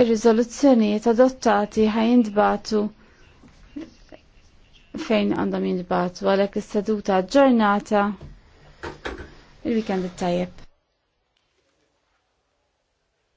Ir-riżoluzzjonijiet adottati ħajintbatu fejn għandhom jindbatu għalhekk is-seduta ġġornata il-weekend it-tajjeb.